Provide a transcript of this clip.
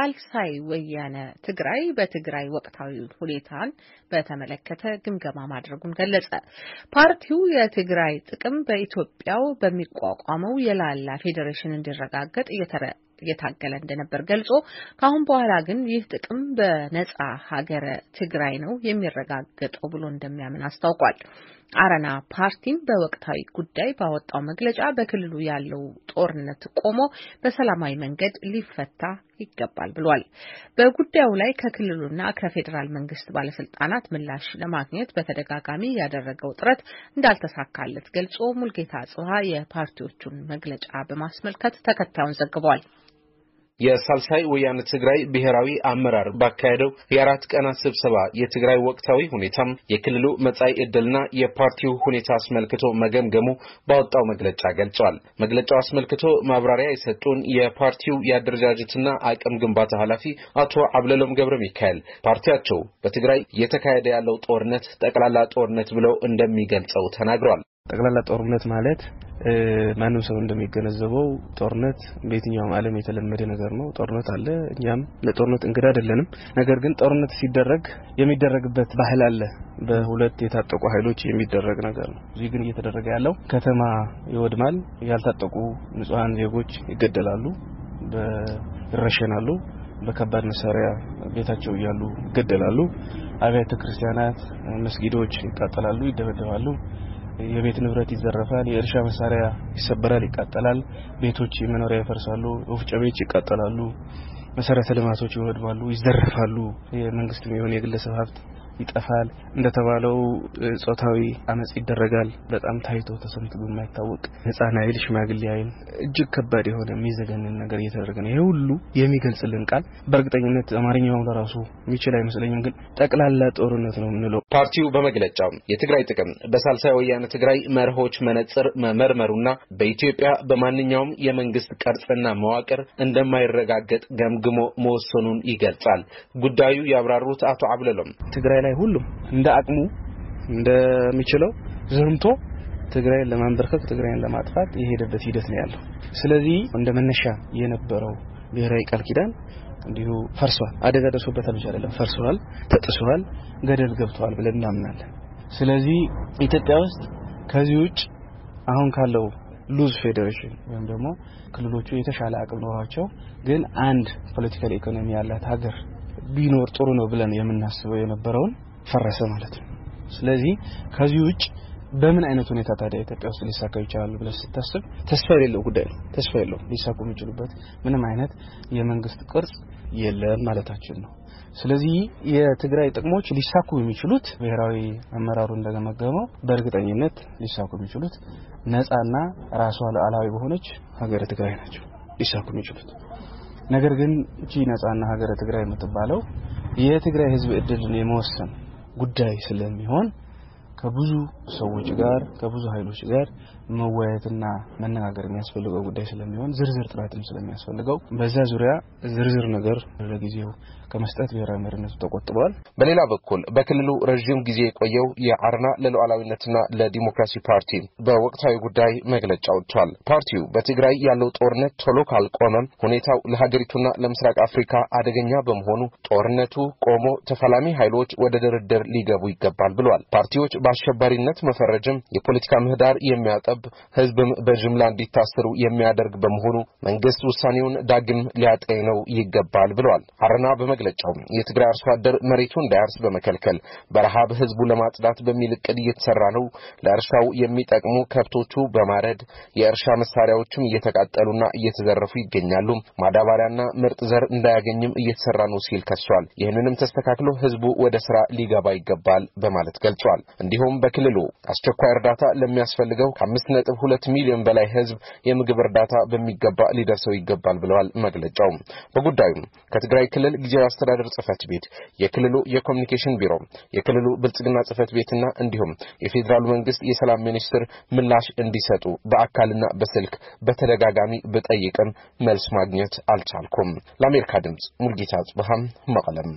ሳልሳይ ወያነ ትግራይ በትግራይ ወቅታዊ ሁኔታን በተመለከተ ግምገማ ማድረጉን ገለጸ። ፓርቲው የትግራይ ጥቅም በኢትዮጵያው በሚቋቋመው የላላ ፌዴሬሽን እንዲረጋገጥ እየታገለ እንደነበር ገልጾ ከአሁን በኋላ ግን ይህ ጥቅም በነጻ ሀገረ ትግራይ ነው የሚረጋገጠው ብሎ እንደሚያምን አስታውቋል። አረና ፓርቲም በወቅታዊ ጉዳይ ባወጣው መግለጫ በክልሉ ያለው ጦርነት ቆሞ በሰላማዊ መንገድ ሊፈታ ይገባል ብሏል። በጉዳዩ ላይ ከክልሉና ከፌዴራል መንግስት ባለስልጣናት ምላሽ ለማግኘት በተደጋጋሚ ያደረገው ጥረት እንዳልተሳካለት ገልጾ ሙልጌታ ጽሀ የፓርቲዎቹን መግለጫ በማስመልከት ተከታዩን ዘግቧል። የሳልሳይ ወያነ ትግራይ ብሔራዊ አመራር ባካሄደው የአራት ቀናት ስብሰባ የትግራይ ወቅታዊ ሁኔታም የክልሉ መጻኢ ዕድልና የፓርቲው ሁኔታ አስመልክቶ መገምገሙ ባወጣው መግለጫ ገልጸዋል። መግለጫው አስመልክቶ ማብራሪያ የሰጡን የፓርቲው የአደረጃጀትና አቅም ግንባታ ኃላፊ አቶ አብለሎም ገብረ ሚካኤል ፓርቲያቸው በትግራይ እየተካሄደ ያለው ጦርነት ጠቅላላ ጦርነት ብለው እንደሚገልጸው ተናግሯል። ጠቅላላ ጦርነት ማለት ማንም ሰው እንደሚገነዘበው ጦርነት በየትኛውም ዓለም የተለመደ ነገር ነው። ጦርነት አለ። እኛም ለጦርነት እንግዳ አይደለንም። ነገር ግን ጦርነት ሲደረግ የሚደረግበት ባህል አለ። በሁለት የታጠቁ ኃይሎች የሚደረግ ነገር ነው። እዚህ ግን እየተደረገ ያለው ከተማ ይወድማል፣ ያልታጠቁ ንጹሐን ዜጎች ይገደላሉ፣ ይረሸናሉ፣ በከባድ መሳሪያ ቤታቸው እያሉ ይገደላሉ፣ አብያተ ክርስቲያናት፣ መስጊዶች ይቃጠላሉ፣ ይደበደባሉ። የቤት ንብረት ይዘረፋል፣ የእርሻ መሳሪያ ይሰበራል፣ ይቃጠላል፣ ቤቶች መኖሪያ ይፈርሳሉ፣ ወፍጮ ቤቶች ይቃጠላሉ፣ መሰረተ ልማቶች ይወድማሉ፣ ይዘረፋሉ። የመንግስት የሆነ የግለሰብ ሀብት ይጠፋል። እንደተባለው ጾታዊ አመፅ ይደረጋል። በጣም ታይቶ ተሰምቶ በማይታወቅ ህፃን አይል ሽማግሌ አይል እጅግ ከባድ የሆነ የሚዘገንን ነገር እየተደረገ ነው። ይህ ሁሉ የሚገልጽልን ቃል በእርግጠኝነት አማርኛውም ለራሱ የሚችል አይመስለኝም። ግን ጠቅላላ ጦርነት ነው የምንለው። ፓርቲው በመግለጫው የትግራይ ጥቅም በሳልሳይ ወያነ ትግራይ መርሆች መነጽር መመርመሩና በኢትዮጵያ በማንኛውም የመንግስት ቅርጽና መዋቅር እንደማይረጋገጥ ገምግሞ መወሰኑን ይገልጻል። ጉዳዩ ያብራሩት አቶ አብለሎም ትግራይ ላይ ሁሉም እንደ አቅሙ እንደሚችለው ዘምቶ ትግራይን ለማንበርከክ ትግራይን ለማጥፋት የሄደበት ሂደት ነው ያለው። ስለዚህ እንደ መነሻ የነበረው ብሔራዊ ቃል ኪዳን እንዲሁ ፈርሷል። አደጋ ደርሶበታል ብቻ አይደለም ፈርሷል፣ ተጥሷል፣ ገደል ገብቷል ብለን እናምናለን። ስለዚህ ኢትዮጵያ ውስጥ ከዚህ ውጭ አሁን ካለው ሉዝ ፌዴሬሽን ወይም ደግሞ ክልሎቹ የተሻለ አቅም ኖሯቸው ግን አንድ ፖለቲካል ኢኮኖሚ ያላት ሀገር ቢኖር ጥሩ ነው ብለን የምናስበው የነበረውን ፈረሰ ማለት ነው። ስለዚህ ከዚህ ውጭ በምን አይነት ሁኔታ ታዲያ ኢትዮጵያ ውስጥ ሊሳካ ይችላል ብለን ስታስብ ተስፋ የሌለው ጉዳይ ነው። ተስፋ የለው ሊሳኩ የሚችሉበት ምንም አይነት የመንግስት ቅርጽ የለም ማለታችን ነው። ስለዚህ የትግራይ ጥቅሞች ሊሳኩ የሚችሉት ብሔራዊ አመራሩ እንደገመገመው በእርግጠኝነት ሊሳኩ የሚችሉት ነፃና ራሷ ሉዓላዊ በሆነች ሀገር ትግራይ ናቸው ሊሳኩ የሚችሉት። ነገር ግን እቺ ነጻና ሀገረ ትግራይ የምትባለው የትግራይ ህዝብ እድልን የመወሰን ጉዳይ ስለሚሆን ከብዙ ሰዎች ጋር ከብዙ ኃይሎች ጋር መወያየትና መነጋገር የሚያስፈልገው ጉዳይ ስለሚሆን ዝርዝር ጥናትም ስለሚያስፈልገው በዛ ዙሪያ ዝርዝር ነገር ለጊዜው ከመስጠት ብሔራዊ መሪነቱ ተቆጥበዋል። በሌላ በኩል በክልሉ ረዥም ጊዜ የቆየው የአርና ለሉዓላዊነትና ለዲሞክራሲ ፓርቲ በወቅታዊ ጉዳይ መግለጫ ወጥቷል። ፓርቲው በትግራይ ያለው ጦርነት ቶሎ ካልቆመም ሁኔታው ለሀገሪቱና ለምስራቅ አፍሪካ አደገኛ በመሆኑ ጦርነቱ ቆሞ ተፋላሚ ኃይሎች ወደ ድርድር ሊገቡ ይገባል ብሏል። ፓርቲዎች በአሸባሪነት መፈረጅም የፖለቲካ ምህዳር የሚያጠብ ህዝብም በጅምላ እንዲታሰሩ የሚያደርግ በመሆኑ መንግስት ውሳኔውን ዳግም ነው ይገባል ብለዋል። አረና በመግለጫው የትግራይ አርሶ አደር መሬቱ እንዳያርስ በመከልከል በረሃብ ህዝቡ ለማጽዳት በሚል እቅድ እየተሰራ ነው። ለእርሻው የሚጠቅሙ ከብቶቹ በማረድ የእርሻ መሳሪያዎችም እየተቃጠሉና እየተዘረፉ ይገኛሉ። ማዳበሪያና ምርጥ ዘር እንዳያገኝም እየተሰራ ነው ሲል ከሷል። ይህንንም ተስተካክሎ ህዝቡ ወደ ስራ ሊገባ ይገባል በማለት ገልጿል። እንዲሁም በክልሉ አስቸኳይ እርዳታ ለሚያስፈልገው ከአምስት ነጥብ ሁለት ሚሊዮን በላይ ህዝብ የምግብ እርዳታ በሚገባ ሊደርሰው ይገባል ብለዋል መግለጫው። በጉዳዩም ከትግራይ ክልል ጊዜያዊ አስተዳደር ጽህፈት ቤት፣ የክልሉ የኮሚኒኬሽን ቢሮ፣ የክልሉ ብልጽግና ጽህፈት ቤትና እንዲሁም የፌዴራሉ መንግስት የሰላም ሚኒስትር ምላሽ እንዲሰጡ በአካልና በስልክ በተደጋጋሚ ብጠይቅም መልስ ማግኘት አልቻልኩም። ለአሜሪካ ድምፅ ሙልጌታ ጽብሃም መቀለም